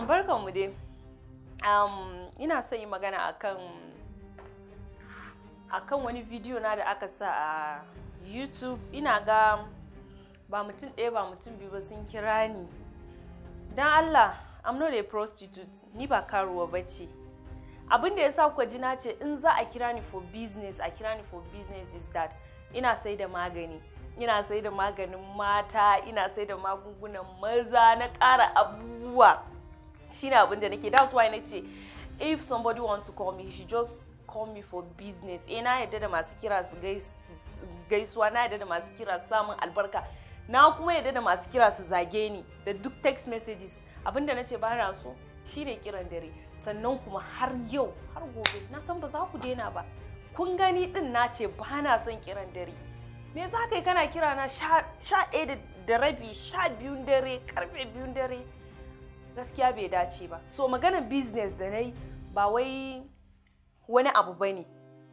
barkan mu dai um, ina son yi magana akan akan wani bidiyo na da aka sa a youtube ina ga ba mutum ɗaya ba mutum biyu ba sun kira ni don allah i'm not a prostitute ni ba karuwa ba ce abin da ya sa ji na ce in za a kira ni for business a kira ni for business is that ina sai da magani ina sai da maganin mata ina sai da magungunan maza na ƙara abubuwa shine abin da nake that's why nace if somebody want to call me she just call me for business eh na yadda da masu kira su gaisuwa na yadda da masu kira su samun albarka na kuma yadda da masu kira su zage ni da duk text messages da nace ba na so shine kiran dare sannan kuma har yau har gobe na san ba za ku daina ba kun gani din na ce ba na son kiran dare me za ka yi kana kira na sha ɗaya da rabi sha biyun dare karfe biyun dare gaskiya bai dace ba so maganar business da na ba wai wani abu ba ne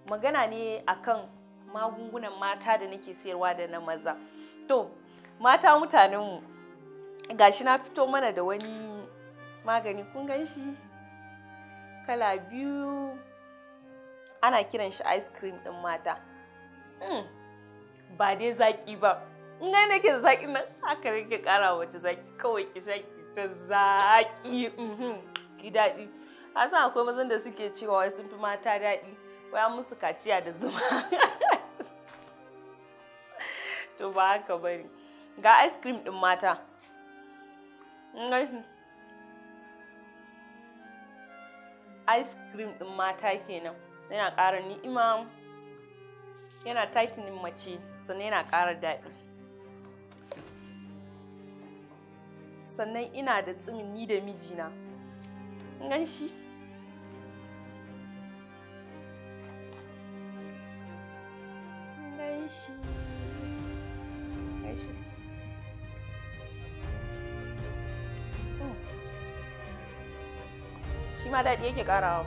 magana ne akan magungunan mata da nake sayarwa da na maza to mata mutanenmu gashi na fito mana da wani magani kun gan shi kala biyu ana kiran shi ice cream din mata hmm. ba dai zaki ba in nake da zaki nan haka nake kara wata zaki kawai ki zaki da zaƙi mhm, ki daɗi a san akwai mazan da suke cewa wai sun fi mata daɗi wai an musu kaciya da zuma to ba haka bari ga ice cream ɗin mata ice cream ɗin mata kenan yana ƙara ni'ima yana tightening mace sannan yana ƙara daɗi sannan ina da tsimin ni da mijina Ngan shi Ngan shi hmm. shi ma daɗi yake ƙarawa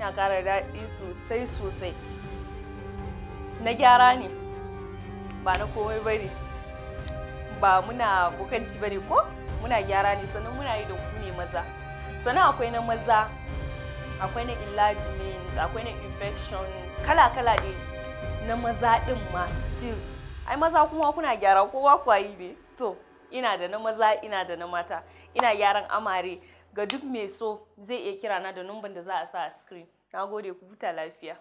ya ƙara daɗi sosai sosai na gyara ne ba na komai bane ba muna bukanci bane ko muna gyara ne sannan muna yi da ku ne maza sannan akwai na maza akwai na enlargement akwai na infection kala-kala ne na maza din ma still ai maza kuma kuna gyara kowa yi ne to ina da na maza ina da na mata ina gyaran amare ga duk mai so zai iya kirana da numban da za a sa a screen na gode ku huta lafiya